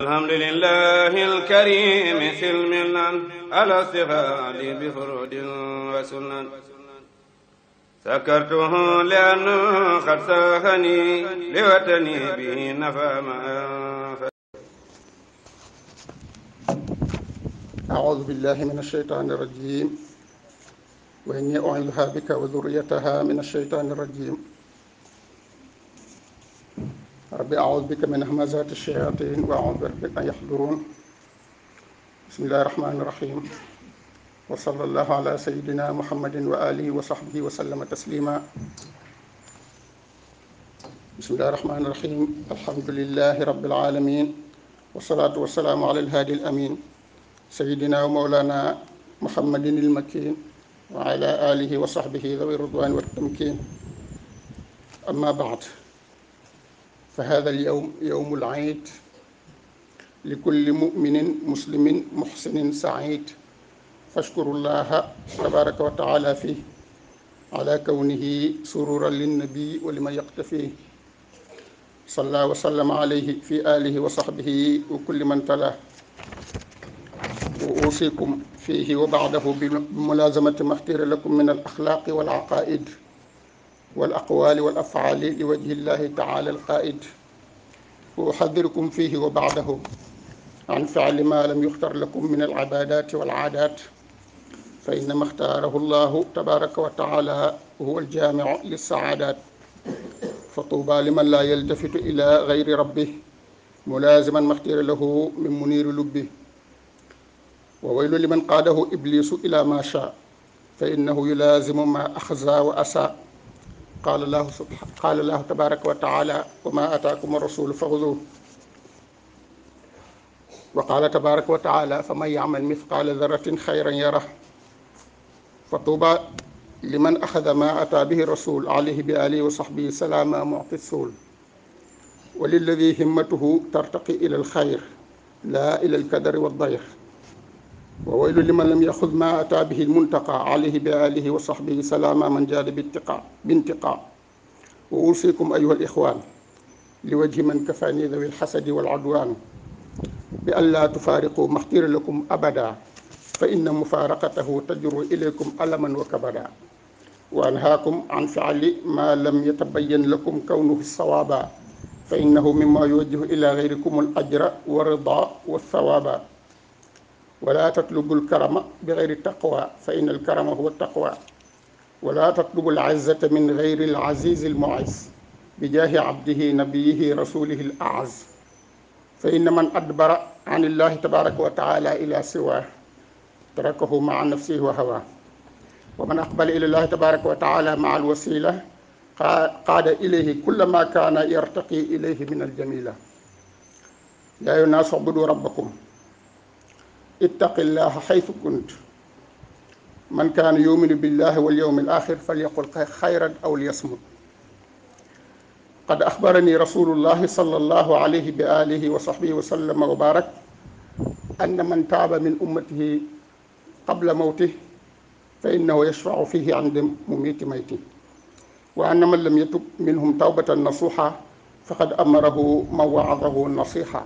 الحمد لله الكريم سلم على استغال بفرود وسنن سكرته لأنه قد ساهني لوطني به نفى أعوذ بالله من الشيطان الرجيم وإني أعيذها بك وذريتها من الشيطان الرجيم rabbi aawuzu bika min hamazaati shayaatiin wa aawuzu bika an yaxduruun bismillahi rahmaani rahiim wa sallallahu ala sayyidina muhammadin wa alihi wa sahbihi wa sallama taslima bismillahi rahmaani rahiim alhamdulillahi rabbil aalamiin wasalaatu wasalaamu ala alhaadi alamin sayyidina wa mawlana muhammadin almakin wa ala alihi wa sahbihi dawi ridwaan wa tamkin amma baad fa hada al yawm yawmul iid li kulli muminin muslimin muhsinin said fashkuru llaha tabaraka wa taala fih ala kawnihi sururan linnabi wa liman yaqtafi salla wa sallama alayhi fi alihi wa sahbihi wa kulli man tala wa usikum fihi wa ba'dahu bi mulazamati mahtira lakum min al axlaaqi wal aqaid والأقوال والأفعال لوجه الله تعالى القائد وأحذركم فيه وبعده عن فعل ما لم يختر لكم من العبادات والعادات فإنما اختاره الله تبارك وتعالى هو الجامع للسعادات فطوبى لمن لا يلتفت إلى غير ربه ملازما ما اختير له من منير لبه وويل لمن قاده إبليس إلى ما شاء فإنه يلازم ما أخزى وأساء qaala llaahu qaala llaahu tabaaraka wa taala wa maa aataakum rasulu fa xuzuuhu wa qaala tabaaraka wa taala fa man yaamal mithqaala darratin xayran yara fa tuuba liman axada maa ataa bihi rasul alayhi bi alihi wa saxbihi salaama muti suul wa lilladi himmatuhu tartaqi ila alxayr laa ila alkadari wa dayr wa waylu liman lam yaxud ma ataa bihi lmuntaqa alayhi bi alihi wa sahbihi salaama man jaada bintiqa bintiqa wa usikum ayuha alixwan li wajhi man kafani dawi alxasadi walcudwan bi an laa tufaariqu maxtira lakum abada fa inna mufaaraqatahu tajru ilaykum alaman wa kabada wa anhaakum an fiali ma lam yatabayan lakum kawnuhu sawaaba fa innahu mima yuwajjihu ila gayrikum al ajra wa rida wa sawaaba wala tatlubul karama bi xeyri taqwa fa inna al karama huwa taqwa wala tatlubul izzata min xeyri al aziz al mu'izz bi jaahi abdihi nabiyihi rasulihi al aaz fa inna man adbara an illahi tabaraka wa taala ila siwa tarakahu maa nafsihi wa hawa wa man aqbala ila llahi tabaraka wa taala maa al wasila qaada ilayhi kulla ma kaana yartaqi ilayhi min al jamila yaa ayyuhan naas ubudu rabbakum ittaqillaha xaytu kunt man kaana yuminu billahi wal yawmi al axir falyaqul xayran aw liyasmut qad axbarani rasulullahi sallallahu alayhi bi alihi wa sahbihi wa sallama wa barak anna man taaba min ummatihi qabla mawtihi fa innahu yashfau fihi inda mumiti mayti wa anna man lam yatub minhum tawbatan nasuha faqad amarahu man waadahu nasiha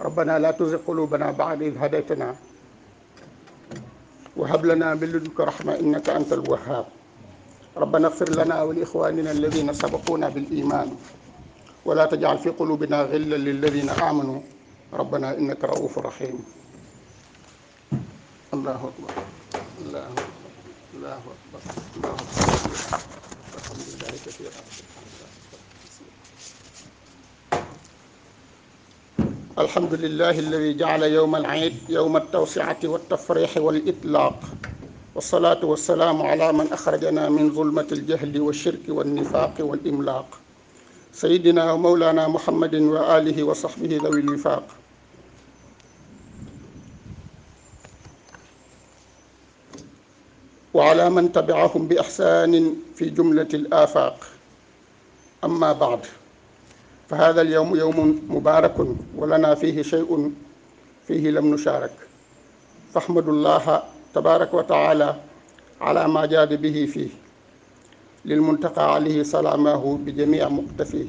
ربنا لا تزغ قلوبنا بعد إذ هديتنا وهب لنا من لدنك رحمة إنك أنت الوهاب ربنا اغفر لنا ولإخواننا الذين سبقونا بالإيمان ولا تجعل في قلوبنا غلا للذين آمنوا ربنا إنك رؤوف رحيم الله أكبر الله أكبر الله أكبر الله أكبر الحمد لله كثيرا الحمد لله الذي جعل يوم العيد يوم التوسعة والتفريح والإطلاق والصلاة والسلام على من أخرجنا من ظلمة الجهل والشرك والنفاق والإملاق سيدنا ومولانا محمد وآله وصحبه ذوي الوفاق وعلى من تبعهم بإحسان في جملة الآفاق أما بعد fa hada al yawmu yawmun mubarakun wa lana fihi shay'un fihi lam nusharak fahmadullaha tabaraka wa taala ala ma jaada bihi fii lil muntaqa alayhi salaamahu bi jamia muqtafi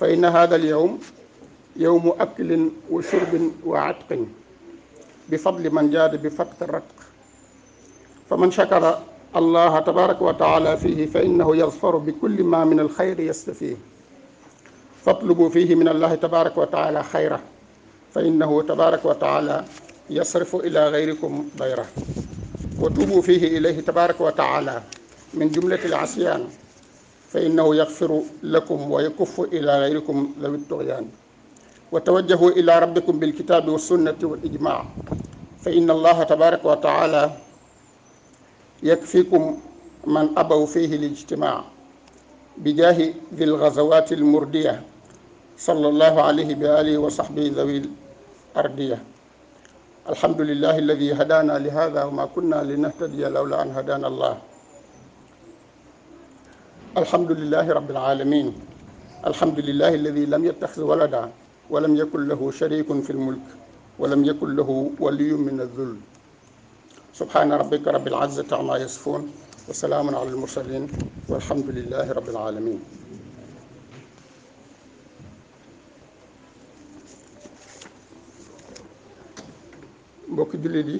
fa inna hada al yawm yawmu aklin wa shurbin wa atqin bi fadli man jaada bi fatqi ratq fa man shakara allaha tabaraka wa taala fihi fa innahu yazfaru bi kulli ma min alxayri yastafihi fatlubu fihi min allahi tabaraka wa taala xayra fa innahu tabaraka wa taala yasrifu ila gayrikum dayra wa tubu fihi ilayhi tabaraka wa taala min jumlati al asyan fa innahu yaxfiru lakum wa yakuffu ila gayrikum lawi tugyaan wa tawajjahu ila rabbikum bilkitaabi wassunnati wal ijmaa fa inna allaha tabaraka wa taala yakfikum man abaw fihi lijtimaa bijaahi dil gazawaati al murdiya sallallahu alayhi wa alihi wa sahbihi zawil ardiya alhamdulillahi alladi hadana li hada wa ma kunna linahtadiya lawla an hadana allah alhamdulillahi rabbil alamin alhamdulillahi alladi lam yattakhidh walada wa lam yakun lahu sharikun fil mulk wa lam yakun lahu waliyyun min adh-dhull subhana rabbika rabbil izzati amma yasifun wa salamun ala al mursalin walhamdulillahi rabbil alamin mbokki jullit yi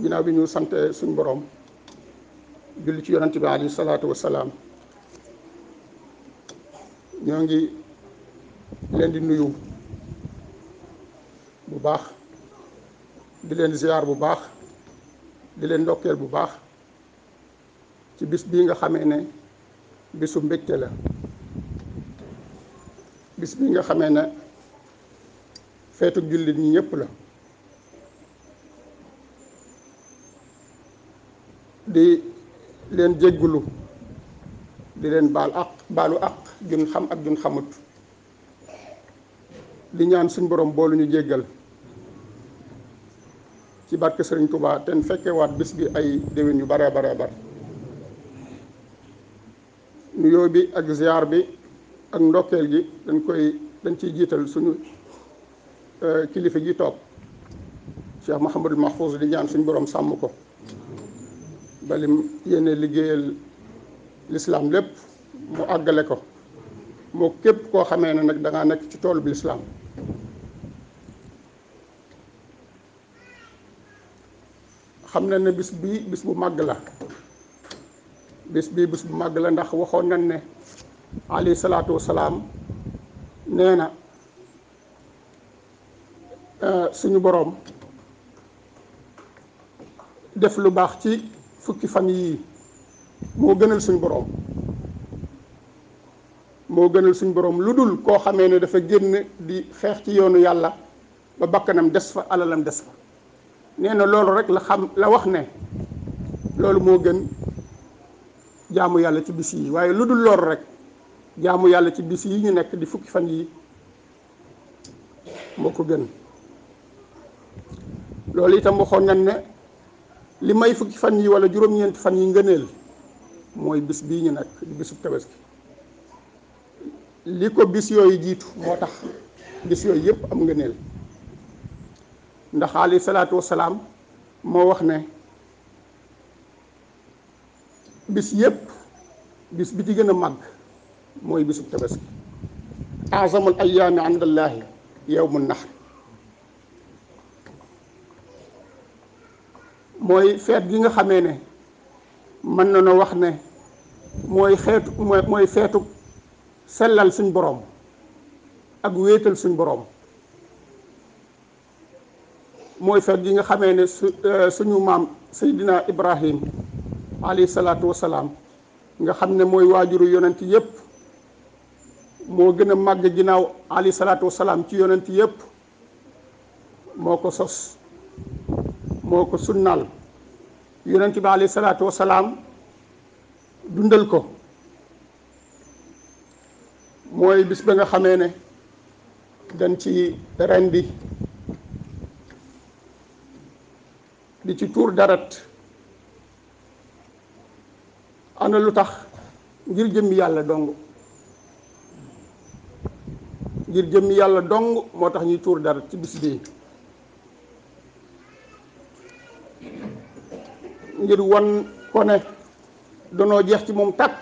ginnaaw bi ñu sante suñ boroom julli ci yonante bi alayhi salaatu wasalaam ñoo ngi leen di nuyu bu baax di leen ziar bu baax di leen ndokkeel bu baax ci bis bi nga xamee ne bisu mbégte la bis bi nga xamee ne feetuk jullit ñi ñëpp la di leen jéggulu di leen baal àq baalu àq jun xam ak jun xamut di ñaan suñ borom lu ñu jéggal ci barke Sëriñ Touba ten fekkewaat bis bi ay déwén yu bare bare bare nuyoo bi ak ziar bi ak ndokkeel gi dañ koy dañ ciy jiital suñu euh, kilifa gi toog Cheikh Mouhamadul Mahfouz di ñaan suñu boroom sàmm ko balim yéene liggéeyal lislaam lépp mu àggale ko moo képp koo xamee ne nag danga nekk ci toolu bi lislaam xam na ne bis bii bis bu màgg la bis bii bis bu màgg la ndax waxoon nañ ne alayhi salaatu wasalaam nee na euh, suñu boroom def lu baax ci fukki fan yii moo gënal suñu boroom moo gënal suñu boroom lu dul koo xamee ne dafa génn di xeex ci yoonu yàlla ba bakkanam des fa alalam des fa nee na loolu rek la xam la wax ne loolu moo gën jaamu yàlla ci bis yi waaye lu dul loolu rek jaamu yàlla ci bis yi ñu nekk di fukki fan yi moo ko gën loolu itam waxoon nañ ne li may fukki fan yi wala juróom-ñeenti fan yi ngëneel mooy bis bi ñu nekk di bisub tabaski li ko bis yooyu jiitu moo tax bis yooyu yëpp am ngëneel ndax alayhi salaatu wasalaam moo wax ne bis yëpp bis bi ci gën a màgg mooy bisub tabaski azamul ayaami indallahi yowmu nahr mooy feet gi nga xamee ne mën na na wax ne mooy xeetu mooy feetu sellal suñ boroom ak wéetal suñ boroom mooy feet gi nga xamee ne su euh, suñu maam Seydina Ibrahim alayhi salaatu wasalaam nga xam ne mooy waajuru yonent yépp moo gën a màgg ginnaaw ali salaatu wasalaam ci yonent yépp moo ko sos moo ko sunnaal yonent bi ali salaatu wasalaam dundal ko mooy bis ba nga xamee ne dañ ci bi di ci tuur darat ana lu tax ngir jëmmi yàlla dong ngir jëmm yàlla dong moo tax ñuy tuur dara ci bis bii ngir wan ko ne danoo jeex ci moom tàkk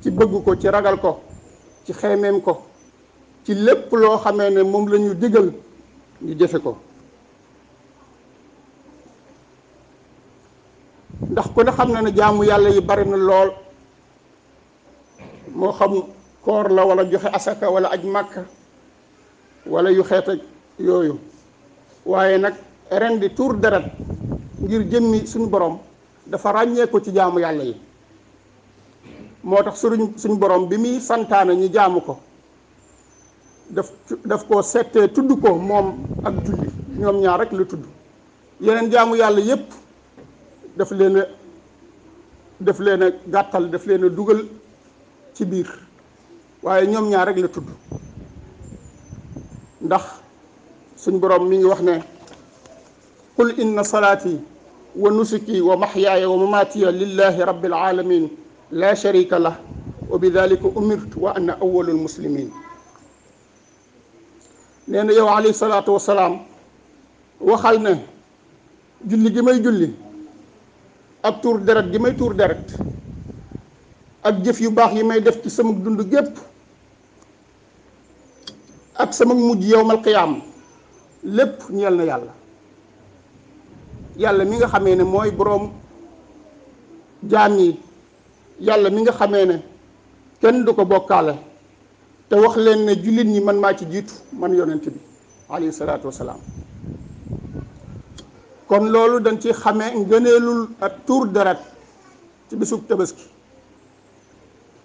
ci bëgg ko ci ragal ko ci xeemeem ko ci lépp loo xamee ne moom lañuy ñu digal ñu ko ndax ku ne xam na ne jaamu yàlla yi bari na lool moo xam koor la wala joxe asaka wala aj màkka walla yu xeet yooyu waaye nag ren di tuur deret ngir jëmmi suñu borom dafa ràññee ko ci jaamu yàlla yi moo tax suñu suñu borom bi muy santaane ñu jaamu ko daf daf ko settee tudd ko moom ak julli ñoom ñaar rek la tudd yeneen jaamu yàlla yépp daf leen a daf leen a gàttal daf leen a dugal ci biir waaye ñoom ñaar rek la tudd ndax suñ borom mi wax ne qul inna salaati wa nusuki wa mahyaaya wa mamaatiya lillahi rabbil alamin la sharika lah wa bi dalika umirtu wa ana awwalul muslimin nee na yow alayhi salaatu wasalaam waxal ne julli gi may julli ak tuur deret gi may tuur deret ak jëf yu baax yi may def ci sama dund gépp ak sama mujj yowmal qiyaam lépp ñeel na yàlla yàlla mi nga xamee ne mooy boroom jaam yi yàlla mi nga xamee ne kenn du ko bokkaale te wax leen ne jullit ñi man maa ci jiitu man yonent bi alayhi salaatu salaam kon loolu dañ ci xamee ngëneelul ak tuur deret ci bisub tabaski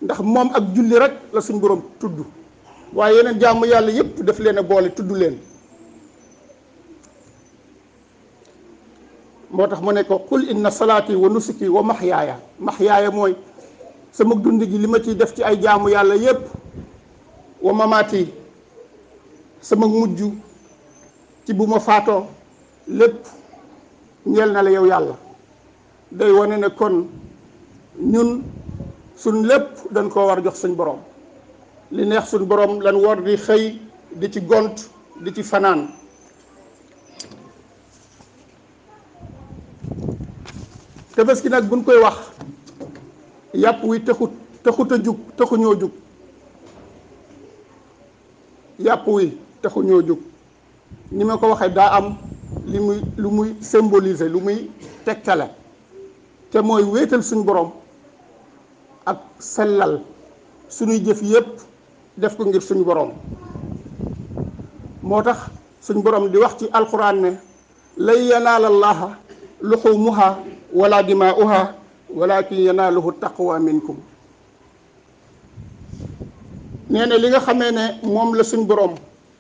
ndax moom ak julli rek la suñ boroom tudd waaye yeneen jàmm yàlla yépp def leen a boole tudd leen moo tax ma ne ko qul inna salaati wa nusuki wa maxyaaya maxyaaya mooy sama dund gi li ma ci def ci ay jaamu yàlla yépp wa mamaati sama mujj ci bu ma faatoo lépp ñeel na la yow yàlla day wane ne kon ñun suñ lépp dañ koo war jox suñ boroom li neex suñ borom lan war di xëy di ci gont di ci fanaan gi nag buñ koy wax yàpp wi taxut taxut a jug taxuñoo jug yàpp wi taxuñoo jug ni ma ko waxee daa am li muy lu muy symboliser lu muy tegtale te mooy wéetal suñ boroom ak sellal suñuy jëf yépp def ko ngir suñu borom moo tax suñu borom di wax ci alquran ne lan yanaala llaaha luxumuha wala dimaa'uha walakin yanaaluhu taqwa minkum nee na li nga xamee ne moom la suñ boroom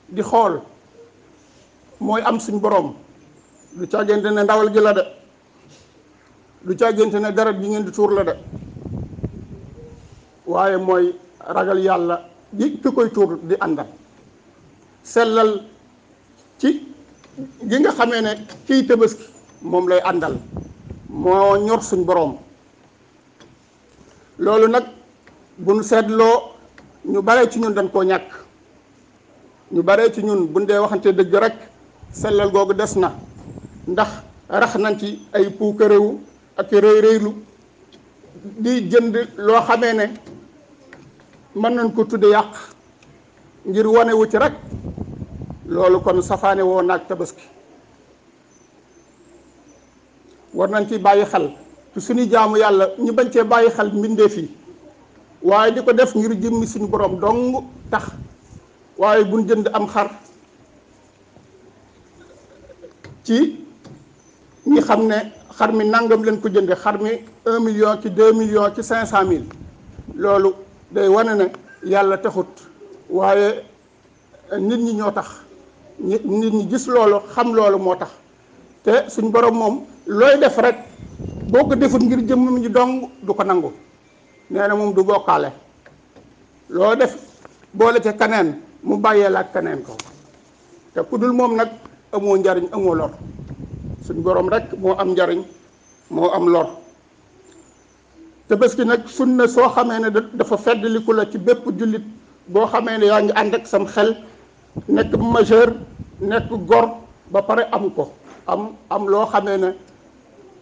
di xool mooy am suñ boroom lu càggante ne ndawal gi la de lu càggante ne deret bi ngeen di tuur la de waaye mooy ragal yàlla gi ki koy tuur di àndal sellal ci gi nga xamee ne kiy tëbaski moom lay àndal moo ñor suñ boroom loolu nag buñ seetloo ñu bare ci ñun dañ koo ñàkk ñu baree ci ñun buñ dee waxante dëgg rek sellal googu des na ndax rax nañ ci ay puukarewu ak réy réylu di jënd loo xamee ne mën nañ koo tudde yàq ngir wane wu ci rek loolu kon safaane woo naag tabaski war nañ ci bàyyi xel ci suñu jaamu yàlla ñu bañ cee bàyyi xel mbindeef yi waaye di ko def ngir jëmmi suñu boroom dong tax waaye buñ jënd am xar ci ñi xam ne xar mi nangam leen ko jënde xar mi un million ci deux million ci cinq cent mille loolu day wane ne yàlla taxut waaye nit ñi ñoo tax nit ñi gis loolu xam loolu moo tax te suñ boroom moom looy def rek boo ko defut ngir jëmm ñi dong du ko nangu nee na moom du bokkaale loo def boole ca kaneen mu bàyyee la ak kaneen ko te ku dul moom nag amoo njariñ amoo lor suñ borom rek moo am njariñ moo am lor tabaski nag na soo xamee ne dafa feddliku la ci bépp jullit boo xamee ne yaa ngi ànd ak sam xel nekk majeur nekk gor ba pare am ko am am loo xamee ne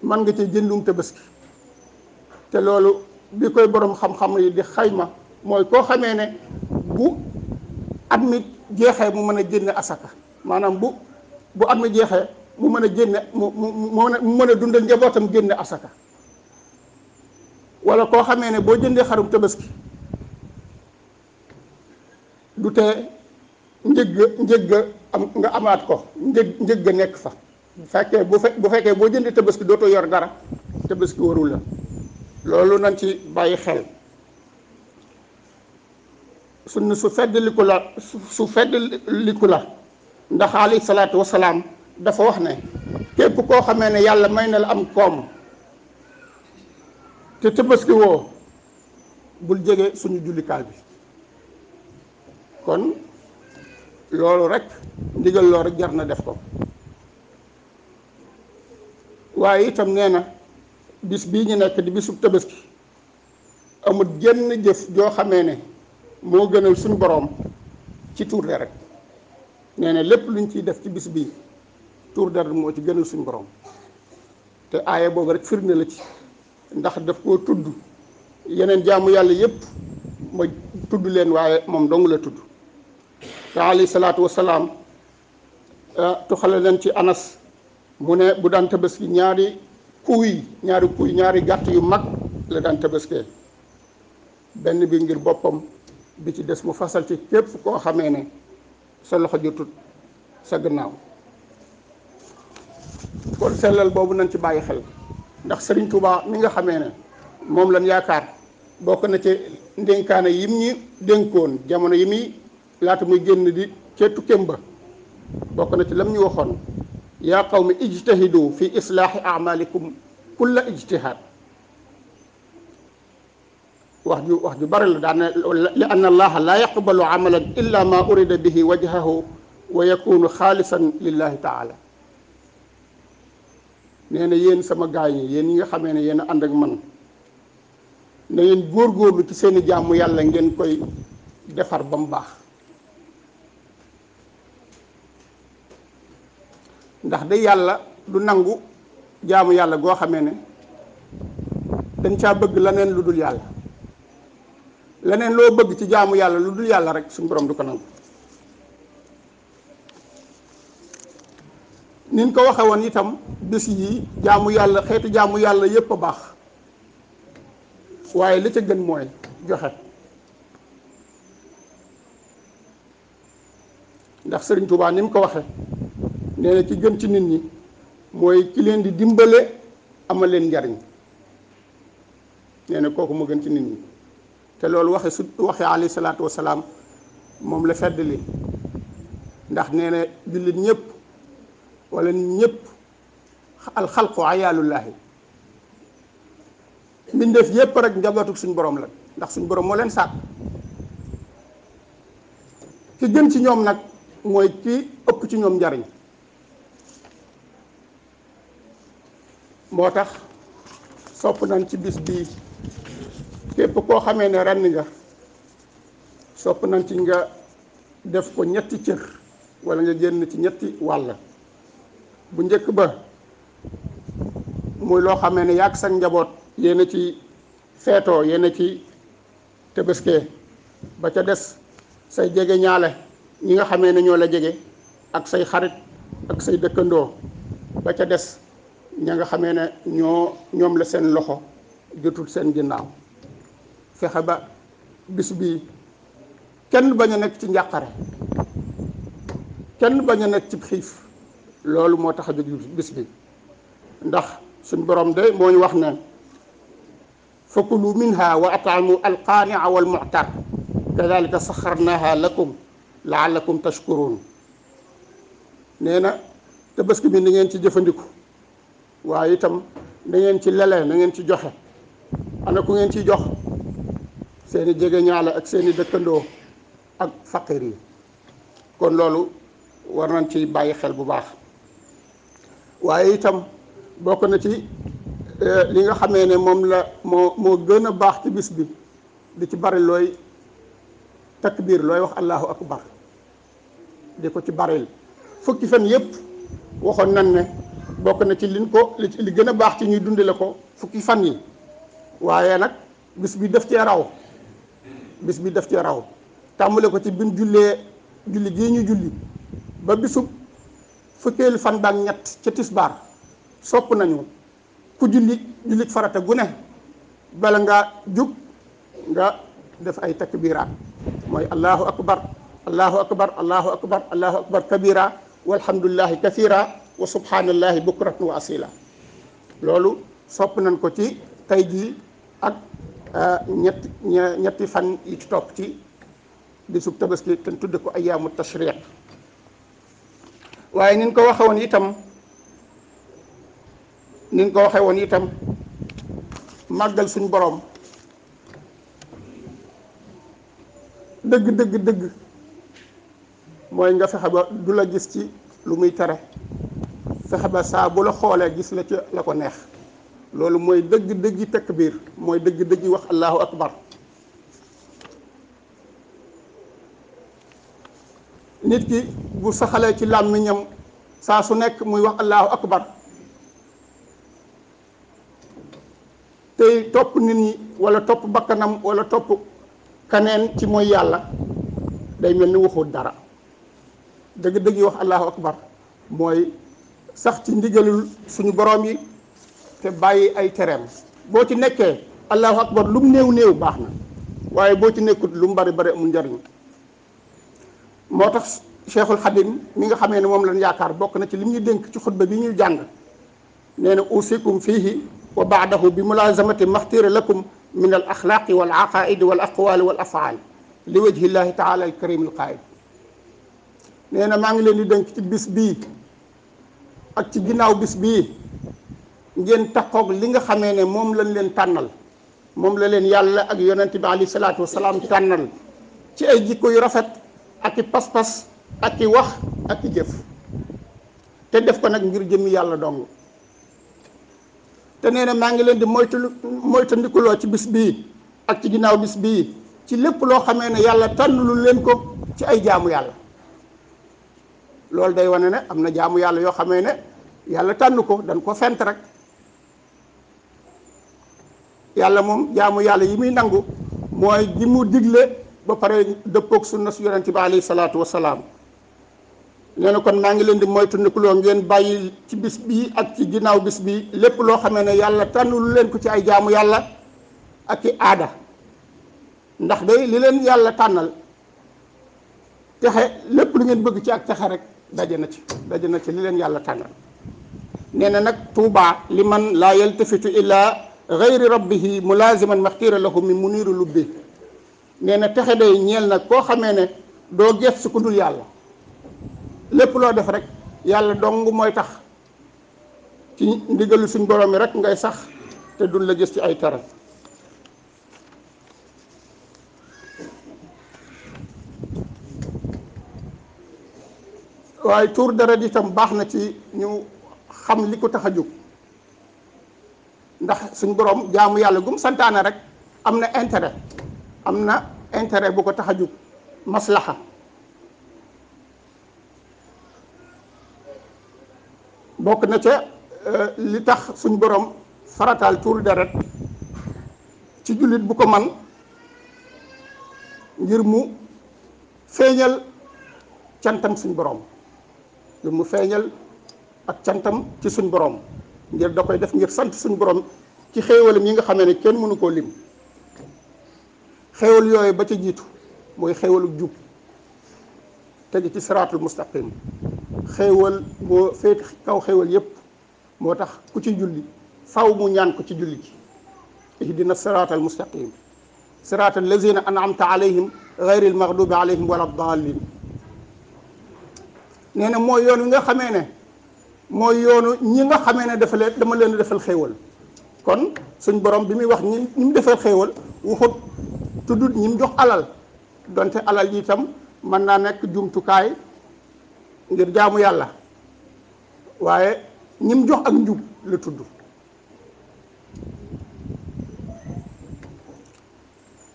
mën nga ci jëndum tabaski te loolu bi koy boroom xam-xam yi di xayma mooy koo xamee ne bu am mi jeexee mu mën a génne asaka maanaam bu bu am mi jeexee mu mën a génne mu mu mu mën a dundal njabootam génne asaka wala koo xamee ne boo jëndee xarum tabaski du tee njëgg njëgg am nga amaat ko njëg njëgg nekk fa fekkee bu fe bu fekkee boo jëndee tabaski dootoo yor dara tabaski warul la loolu nañ ci bàyyi xel suñu su feddliku la su feddliku la ndax alayhi salaatu wasalaam dafa wax ne képp koo xamee ne yàlla may na la am koom te tëbaski woo bul jege suñu jullikaay bi kon loolu rek ndigal loolu rek jar na def ko waaye itam nee na bis bii ñu nekk di bisub tëbaski amul génn jëf joo xamee ne moo gënal suñu boroom ci tuur deret nee na lépp luñ ciy def ci bis bii tuur deret moo ci gënal suñu boroom te aaya boobu rek firnde la ci ndax daf koo tudd yeneen jaamu yàlla yépp ma tudd leen waaye moom dong la tudd te alayhi salaatu wasalaam ah, tuxale leen ci anas mu ne bu daan tabaski ñaari kuy ñaari kuy ñaari gàtt yu mag la daan tabaskee benn bi ngir boppam bi ci des mu fasal ci képp koo xamee ne sa loxo jotut sa gannaaw kon sellal boobu nañ ci bàyyi xel ndax Serigne Touba mi nga xamee ne moom lañ yaakaar bokk na ci ndénkaane yim ñi dénkoon jamono yi muy laata muy génn di ca tukkeem ba bokk na ci lam ñu waxoon yaa qawmi ijtahidu fi islaahi amalikum kulla ijtihaad wax ju wax ju bari la daan ne li anna allaha laa yaqbalu amalan illa ma urida bihi wajhahu wa yakunu xaalisan lillahi taala neena na yéen sama gaay yi yéen yi nga xamee ne yéen ànd ak man na ngeen góorgóorlu ci seeni jaamu yàlla ngeen koy defar ba mu baax ndax de yàlla du nangu jaamu yàlla goo xamee ne dañ caa bëgg leneen lu dul yàlla leneen loo bëgg ci jaamu yàlla lu dul yàlla rek suñu borom du ko nangu niñ ko waxe woon itam bés yi jaamu yàlla xeetu jaamu yàlla yépp a baax waaye li ca gën mooy joxe ndax sëriñ Tuubaa ni mu ko waxe nee ci gën ci nit ñi mooy ki leen di dimbale ama leen njariñ nee na kooku mu gën ci nit ñi te loolu waxe su waxe alayhi salaatu wasalaam moom la fedd li ndax nee na jullit ñëpp wala ñëpp alxalqu ayaalullaahi def yëpp rek njabootu suñu borom la ndax suñu borom moo leen sàkk ki gën ci ñoom nag mooy ki ëpp ci ñoom njariñ moo tax sopp nañ ci bis bii képp koo xamee ne rànn nga sopp nañ ci nga def ko ñetti cër wala nga génn ci ñetti wàll bu njëkk ba muy loo xamee ne yàgg sa njaboot yéen ci feetoo yéen ci tëbëskee ba ca des say jege ñaale ñi nga xamee ne ñoo la jege ak say xarit ak say dëkkandoo ba ca des ña nga xamee ne ñoo ñoom la seen loxo jotul seen ginnaaw fexe ba bis bi kenn bañ a nekk ci njàqare kenn bañ a nekk ci xiif loolu moo tax a jóg bis bi ndax suñ borom de moo ñu wax ne fa kulu minha wa ataamu alqaania wal muctar kadalika saxarnaha la laalakum tashkurun nee na tabaski bi na ngeen ci jëfandiku waaye itam na ngeen ci lele na ngeen ci joxe ana ku ngeen ciy jox seeni jege ñaale ak seeni dëkkandoo ak faqir yi kon loolu war na ci bàyyi xel bu baax waaye itam bokk na ci e, li nga xamee ne moom la moo moo gën a baax ci bis bi di ci bari looy takbir looy wax allahu akbar di ko ci baril fukki fan yépp waxoon nan ne bokk na ci liñ ko li gën a baax ci ñuy dundi la ko fukki fan yi waaye nag bis bi def cee raw bis bi def cee raw tàmbale ko ci bin jullee julli gii ñu julli ba bisub fukkeelu fan baak ñett ca tisbaar sopp nañu ku julli jullit farata gu bala nga jug nga def ay takbiraat mooy allahu akbar allahu akbar allahu akbar allahu akbar kabira walhamdulillahi wa subhanallahi bukratan wa asila loolu sopp nañ ko ci tey ji ak euh, ñetti ñetti fan yi ci topp ci bisub tabaski te tudde ko ayyaamu tashriq waaye nin ko waxe woon itam nin ko waxe woon itam màggal suñ boroom dëgg dëgg dëgg mooy nga fexe ba du la gis ci lu muy tere fexe ba saa bu la xoolee gis la ci la ko neex loolu mooy dëgg dëggi takbiir mooy dëgg dëggi wax allahu akbar nit ki bu saxalee ci làmmiñam saa su nekk muy wax allahu akbar tey topp nit ñi wala topp bakkanam wala topp kaneen ci mooy yàlla day mel ni waxul dara dëgg-dëgg wax allahu akbar mooy sax ci ndigalul suñu boroom yi te bàyyi ay tereem boo ci nekkee allahu akbar lu mu néew néew baax na waaye boo ci nekkut lu bari bari amul njariñ moo tax cheikhul xadim mi nga xamee ne moom lañ yaakaar bokk na ci lim ñu dénk ci xutba bi ñuy jàng nee na usikum fiihi wa baadahu bi mulazamati maxtira lakum min al axlaaqi wal aqaaidi wal aqwaali wal afaali li wajhi llahi taala al karim al qaid nee na maa ngi leen di dénk ci bis bii ak ci ginnaaw bis bii ngeen takkoog li nga xamee ne moom lañ leen tànnal moom la leen yàlla ak yonente bi alayhi salaatu wasalaam tànnal ci ay jikko yu rafet ak i pas-pas ak i wax ak i jëf te def ko nag ngir jëmm yàlla dong te nee na maa ngi leen di moytu moytandikuloo ci bis bii ak ci ginnaaw bis bii ci lépp loo xamee ne yàlla tànnlu leen ko ci ay jaamu yàlla loolu day wane ne am na jaamu yàlla yoo xamee ne yàlla tànn ko dan ko fent rek yàlla moom jaamu yàlla yi muy nangu mooy ji mu digle ba pare dëppoog sunna su yonente bi alayhi salaatu wa salaam nee na kon maa ngi leen di loo ngeen bàyyi ci bis bi ak ci ginnaaw bis bi lépp loo xamee ne yàlla tànnul leen ko ci ay jaamu yàlla ak i aada ndax day li leen yàlla tànnal texe lépp lu ngeen bëgg ci ak texe rek daje na ci daje na ci li leen yàlla tànnal nee na nag tuubaa li man laa yaltafitu illa gayri rabbihi mulaaziman maxtiira lahu min muniiru bi nee na texe day ñeel nag koo xamee ne doo gëstu su ku dul yàlla lépp loo def rek yàlla dong mooy tax ci ndigalu suñ boroom yi rek ngay sax te dul la gis ci ay tere waaye tuur di tam baax na ci ñu xam li ko tax a jóg ndax suñ boroom jaamu yàlla gum santaane rek am na intérêt am na intérêt bu ko tax a jóg maslaxa bokk na ca euh, li tax suñ borom farataal tuur deret ci jullit bu ko man ngir mu feeñal cantam suñ borom ngir mu feeñal ak cantam ci suñ borom ngir da koy def ngir sant suñ borom ci xéewalam yi nga xamee ne kenn mënu koo lim xewal yooyu ba ci jiitu mooy xewalu jub te teg ci siraatul mustaqim xewal moo féet kaw xewal yépp moo tax ku ci julli faw mu ñaan ko ci julli ci ihdina siraatal mustaqim siraatal lazina an'amta alayhim ghayril maghdubi alayhim wala daalin nee na mooy yoon wi nga xamee ne mooy yoonu ñi nga xamee ne dafa leen dama leen defal xéewal kon suñ borom bi muy wax ñi ñi mu defal xéewal waxut tuddut ñi jox alal donte alal yi itam mën naa nekk jumtukaay ngir jaamu yàlla waaye ñi jox ak njub la tudd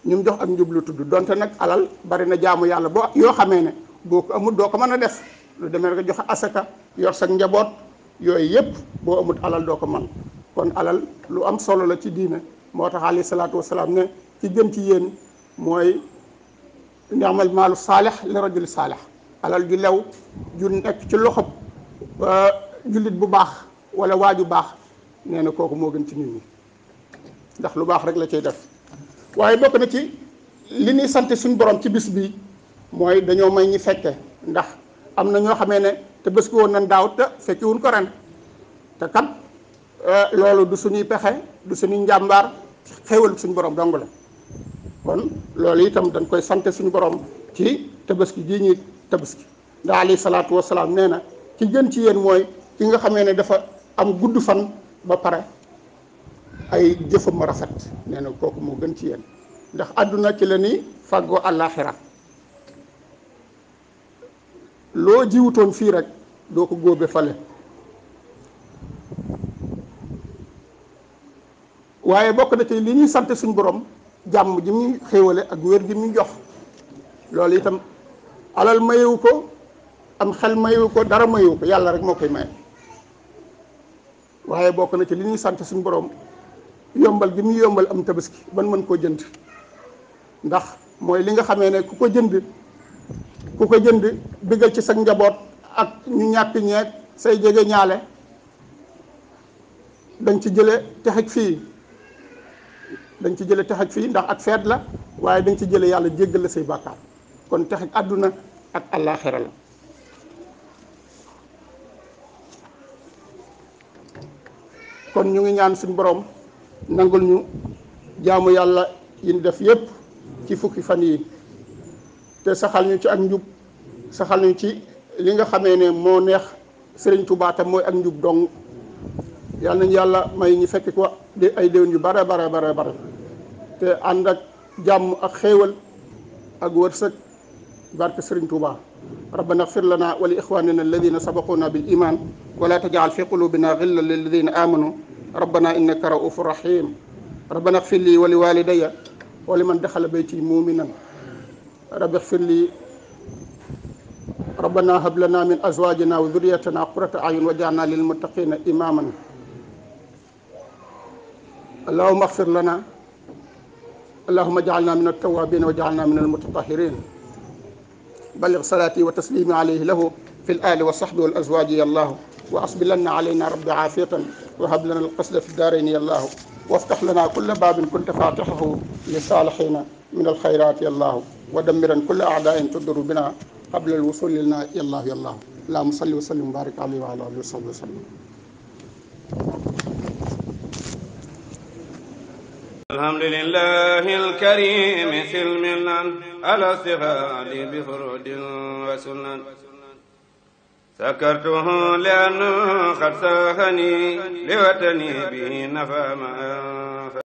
ñi jox ak njub la tudd donte nag alal bari na jaamu yàlla boo yoo xamee ne boo ko amul doo ko mën a def lu demee nga joxe asaka yor sa njaboot yooyu yëpp boo amut alal doo ko man kon alal lu am solo la ci diine moo tax alayhi salaatu wasalaam ne ki gën ci yéen mooy ni'mal maalu saalix li rajuli saalix alal ju lew ju nekk ci loxob jullit bu baax wala waaju baax nee ne kooku moo gën ci nit ñi ndax lu baax rek la cay def waaye bokk na ci li ñuy sant suñ borom ci bis bi mooy dañoo may ñi fekke ndax am na ñoo xamee ne te bés ko woon nan daaw te fekki ko ren te kat euh, loolu du suñuy pexe du suñuy njàmbaar xéewal suñu borom dong la kon loolu itam dañ koy sante suñu boroom ci tabaski jii ñuy tabaski ndax alayhi salaatu wasalaam nee na ci gën ci yéen mooy ki nga xamee ne dafa am gudd fan ba pare ay jëfam rafet nee na kooku moo gën ci yéen ndax àdduna ci la ni fàggoo àllaaxira loo jiwutoon fii rek doo ko góobe fale waaye bokk na ci li ñuy sante suñu boroom jàmm ji muy xéewale ak wér gi mu jox loolu itam alal mayewu ko am xel mayewu ko dara mayewu ko yàlla rek moo koy maye waaye bokk na ci li ñuy sant suñu borom yombal gi muy yombal am tabaski man mën koo jënd ndax mooy li nga xamee ne ku ko jënd ku ko jënd bëggal ci sa njaboot ak ñu ñàkk ñeeg say jege ñaale dañ ci jële tex ak fii dañ ci jële texeg fii ndax ak feet la waaye dañ ci jële yàlla jéggal la say bàkkaar kon texeg àdduna ak àllaaxira la kon ñu ngi ñaan suñu boroom nangul ñu jaamu yàlla yi ñu def yépp ci fukki fan yi te saxal ñu ci ak njub saxal ñu ci li nga xamee ne moo neex Sëriñ tubaatam mooy ak njub dong yal nañ yàlla may ñu fekk ko ay déwén yu bare bare bare bare te ànd ak jàmm ak xéewal ak wërsëg barke Sëriñ Tuuba rabbana xfir lana wa li ixwanina alladina sabaquna bil iman wala tajal fi qulubina xilla lilladina amanu rabbana innaka raufu rahim rabbana xfir li wa li walidaya wa li man daxala bayti muminan rabbi xfir li rabbana hab lana min azwajina wa dhurriyatina qurrata ayun waj'alna lil muttaqina imaman allahuma axfir lana allahuma jaalna min altawabin wa jaalna min almutatahirin balligh salati wa taslimi alayhi lahu fi al-ali wa sahbi wal azwaji ya allah wa asbilanna alayna rabbi aafiyatan wa hab lana alqasda fi ddaarayn ya allah وافتح لنا كل باب كنت فاتحه للصالحين من الخيرات يا الله ودمرا كل اعداء تضر بنا قبل الوصول لنا يا الله يا الله اللهم صل وسلم وبارك عليه وعلى اله وصحبه وسلم الحمد لله الكريم سلمنا على استفاد بفرود وسنن سكرته لأنه قد ساخني لوطني به نفى معاه